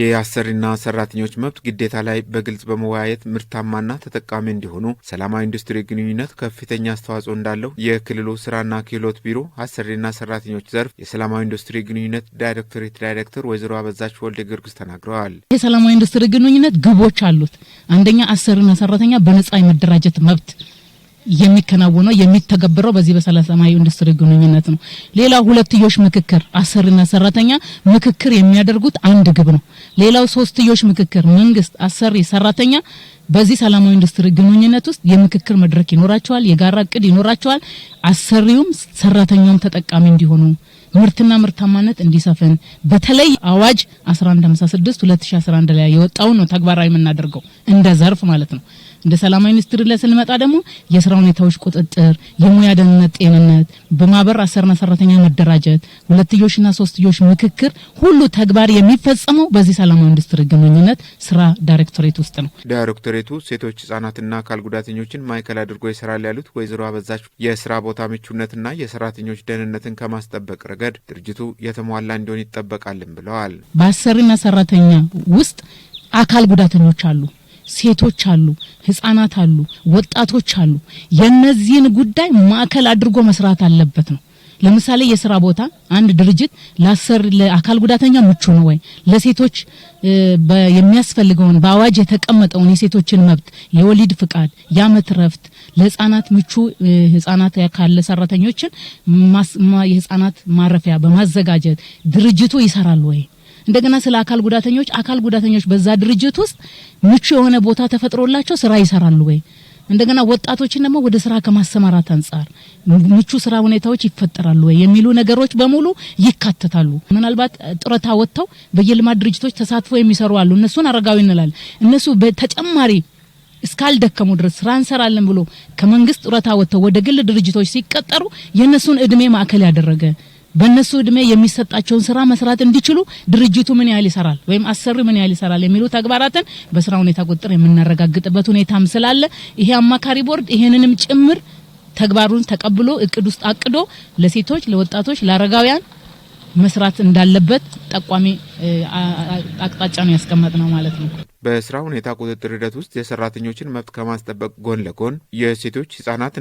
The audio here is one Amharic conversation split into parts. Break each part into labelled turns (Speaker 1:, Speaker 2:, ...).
Speaker 1: የአሰሪና ሰራተኞች መብት ግዴታ ላይ በግልጽ በመወያየት ምርታማና ተጠቃሚ እንዲሆኑ ሰላማዊ ኢንዱስትሪ ግንኙነት ከፍተኛ አስተዋጽኦ እንዳለው የክልሉ ስራና ክህሎት ቢሮ አሰሪና ሰራተኞች ዘርፍ የሰላማዊ ኢንዱስትሪ ግንኙነት ዳይሬክቶሬት ዳይሬክተር ወይዘሮ አበዛች ወልደ ጊዮርጊስ ተናግረዋል።
Speaker 2: የሰላማዊ ኢንዱስትሪ ግንኙነት ግቦች አሉት። አንደኛ አሰሪና ሰራተኛ በነጻ የመደራጀት መብት የሚከናወነው የሚተገበረው በዚህ በሰላማዊ ኢንዱስትሪ ግንኙነት ነው። ሌላው ሁለትዮሽ ምክክር አሰሪና ሰራተኛ ምክክር የሚያደርጉት አንድ ግብ ነው። ሌላው ሶስትዮሽ ምክክር መንግስት፣ አሰሪ፣ ሰራተኛ በዚህ ሰላማዊ ኢንዱስትሪ ግንኙነት ውስጥ የምክክር መድረክ ይኖራቸዋል። የጋራ እቅድ ይኖራቸዋል። አሰሪውም ሰራተኛውም ተጠቃሚ እንዲሆኑ ምርትና ምርታማነት እንዲሰፍን በተለይ አዋጅ 1156 2011 ላይ የወጣው ነው ተግባራዊ የምናደርገው እንደ ዘርፍ ማለት ነው። እንደ ሰላማዊ ሚኒስትር ላይ ስንመጣ ደግሞ የስራ ሁኔታዎች ቁጥጥር፣ የሙያ ደህንነት፣ ጤንነት፣ በማህበር አሰርና ሰራተኛ መደራጀት፣ ሁለትዮሽና ሶስትዮሽ ምክክር ሁሉ ተግባር የሚፈጸመው በዚህ ሰላማዊ ኢንዱስትሪ ግንኙነት ስራ ዳይሬክቶሬት ውስጥ ነው።
Speaker 1: ዳይሬክቶሬቱ ሴቶች፣ ህጻናትና አካል ጉዳተኞችን ማዕከል አድርጎ ይሰራል ያሉት ወይዘሮ አበዛች የስራ ቦታ ምቹነትና የሰራተኞች ደህንነትን ከማስጠበቅ ረገድ ረገድ ድርጅቱ የተሟላ እንዲሆን ይጠበቃልም ብለዋል።
Speaker 2: በአሰሪና ሰራተኛ ውስጥ አካል ጉዳተኞች አሉ፣ ሴቶች አሉ፣ ህጻናት አሉ፣ ወጣቶች አሉ። የእነዚህን ጉዳይ ማዕከል አድርጎ መስራት አለበት ነው ለምሳሌ የስራ ቦታ አንድ ድርጅት ላሰር ለአካል ጉዳተኛ ምቹ ነው ወይ፣ ለሴቶች የሚያስፈልገውን በአዋጅ የተቀመጠውን የሴቶችን መብት የወሊድ ፍቃድ፣ የአመት ረፍት፣ ለህፃናት ምቹ ህፃናት ካለ ሰራተኞችን የህፃናት ማረፊያ በማዘጋጀት ድርጅቱ ይሰራል ወይ? እንደገና ስለ አካል ጉዳተኞች አካል ጉዳተኞች በዛ ድርጅት ውስጥ ምቹ የሆነ ቦታ ተፈጥሮላቸው ስራ ይሰራሉ ወይ? እንደገና ወጣቶችን ደግሞ ወደ ስራ ከማሰማራት አንጻር ምቹ ስራ ሁኔታዎች ይፈጠራሉ ወይ የሚሉ ነገሮች በሙሉ ይካተታሉ። ምናልባት ጡረታ ወጥተው በየልማት ድርጅቶች ተሳትፎ የሚሰሩ አሉ። እነሱን አረጋዊ እንላለን። እነሱ በተጨማሪ እስካልደከሙ ድረስ ስራ እንሰራለን ብሎ ከመንግስት ጡረታ ወጥተው ወደ ግል ድርጅቶች ሲቀጠሩ የእነሱን እድሜ ማዕከል ያደረገ በእነሱ እድሜ የሚሰጣቸውን ስራ መስራት እንዲችሉ ድርጅቱ ምን ያህል ይሰራል ወይም አሰሪ ምን ያህል ይሰራል የሚሉ ተግባራትን በስራ ሁኔታ ቁጥር የምናረጋግጥበት ሁኔታም ስላለ ይሄ አማካሪ ቦርድ ይሄንንም ጭምር ተግባሩን ተቀብሎ እቅድ ውስጥ አቅዶ ለሴቶች፣ ለወጣቶች፣ ለአረጋውያን መስራት እንዳለበት ጠቋሚ አቅጣጫ ነው ያስቀመጥ ነው ማለት ነው።
Speaker 1: በስራ ሁኔታ ቁጥጥር ሂደት ውስጥ የሰራተኞችን መብት ከማስጠበቅ ጎን ለጎን የሴቶች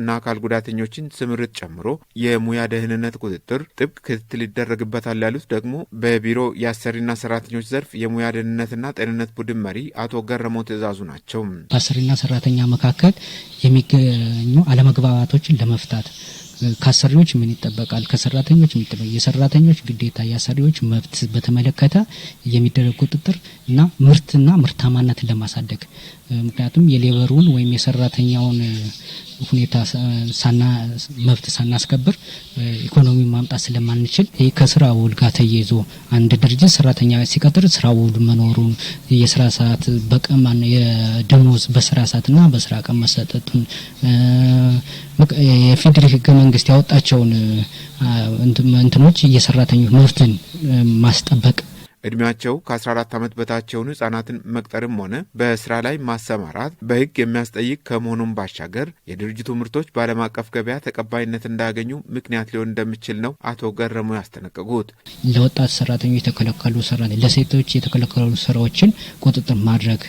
Speaker 1: እና አካል ጉዳተኞችን ስምርት ጨምሮ የሙያ ደህንነት ቁጥጥር ጥብቅ ክትትል ይደረግበታል ያሉት ደግሞ በቢሮ የአሰሪና ሰራተኞች ዘርፍ የሙያ ደህንነትና ጤንነት ቡድን መሪ አቶ ገረሞ ትእዛዙ ናቸው።
Speaker 3: በአሰሪና ሰራተኛ መካከል የሚገኙ አለመግባባቶችን ለመፍታት ከአሰሪዎች ምን ይጠበቃል፣ ከሰራተኞች ምን ይጠበቃል፣ የሰራተኞች ግዴታ፣ የአሰሪዎች መብት በተመለከተ የሚደረግ ቁጥጥር እና ምርትና ምርታማነትን ለማሳደግ ምክንያቱም የሌበሩን ወይም የሰራተኛውን ሁኔታ ሳና መብት ሳናስከብር ኢኮኖሚ ማምጣት ስለማንችል ይህ ከስራ ውል ጋር ተያይዞ አንድ ድርጅት ሰራተኛ ሲቀጥር ስራ ውል መኖሩ የስራ ሰዓት በቀማ የደሞዝ በስራ ሰዓትና በስራ ቀን መሰጠቱን የፌዴሪ ህገ መንግስት መንግስት ያወጣቸውን እንትኖች የሰራተኞች መብትን ማስጠበቅ
Speaker 1: እድሜያቸው ከ14 ዓመት በታቸውን ህጻናትን መቅጠርም ሆነ በስራ ላይ ማሰማራት በህግ የሚያስጠይቅ ከመሆኑም ባሻገር የድርጅቱ ምርቶች በዓለም አቀፍ ገበያ ተቀባይነት እንዳያገኙ ምክንያት ሊሆን እንደሚችል ነው አቶ ገረሙ ያስጠነቀቁት።
Speaker 3: ለወጣት ሰራተኞች የተከለከሉ ሰራ ለሴቶች የተከለከሉ ስራዎችን ቁጥጥር ማድረግ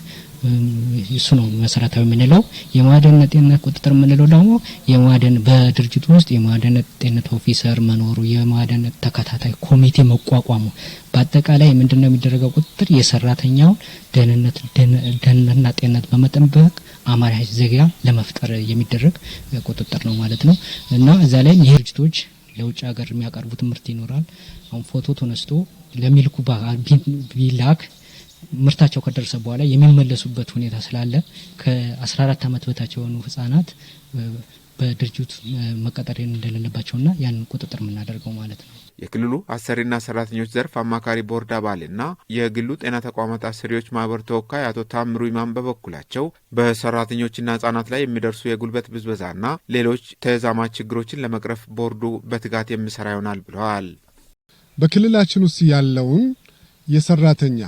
Speaker 3: እሱ ነው መሰረታዊ የምንለው። የማዕድን ጤንነት ቁጥጥር የምንለው ደግሞ የማደን በድርጅቱ ውስጥ የማዕድን ጤንነት ኦፊሰር መኖሩ፣ የማዕድን ተከታታይ ኮሚቴ መቋቋሙ፣ በአጠቃላይ ምንድን ነው የሚደረገው ቁጥጥር የሰራተኛውን ደህንነትና ጤንነት በመጠበቅ አማራጭ ዜጋ ለመፍጠር የሚደረግ ቁጥጥር ነው ማለት ነው እና እዛ ላይ ይህ ለውጭ ሀገር የሚያቀርቡት ምርት ይኖራል። አሁን ፎቶ ተነስቶ ለሚልኩ ቢላክ ምርታቸው ከደረሰ በኋላ የሚመለሱበት ሁኔታ ስላለ ከ14 ዓመት በታች የሆኑ ህጻናት በድርጅቱ መቀጠር እንደሌለባቸውና ያንን ቁጥጥር የምናደርገው ማለት ነው።
Speaker 1: የክልሉ አሰሪና ሰራተኞች ዘርፍ አማካሪ ቦርድ አባልና የግሉ ጤና ተቋማት አሰሪዎች ማህበር ተወካይ አቶ ታምሩ ኢማም በበኩላቸው በሰራተኞችና ህጻናት ላይ የሚደርሱ የጉልበት ብዝበዛና ሌሎች ተዛማጅ ችግሮችን ለመቅረፍ ቦርዱ በትጋት የሚሰራ ይሆናል ብለዋል።
Speaker 4: በክልላችን ውስጥ ያለውን የሰራተኛ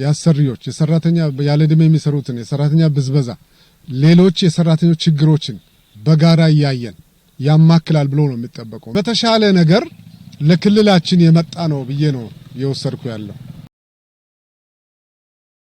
Speaker 4: የአሰሪዎች የሰራተኛ ያለ ዕድሜ የሚሰሩትን የሰራተኛ ብዝበዛ፣ ሌሎች የሰራተኞች ችግሮችን በጋራ እያየን ያማክላል ብሎ ነው የሚጠበቀው። በተሻለ ነገር ለክልላችን የመጣ ነው ብዬ ነው የወሰድኩ ያለው።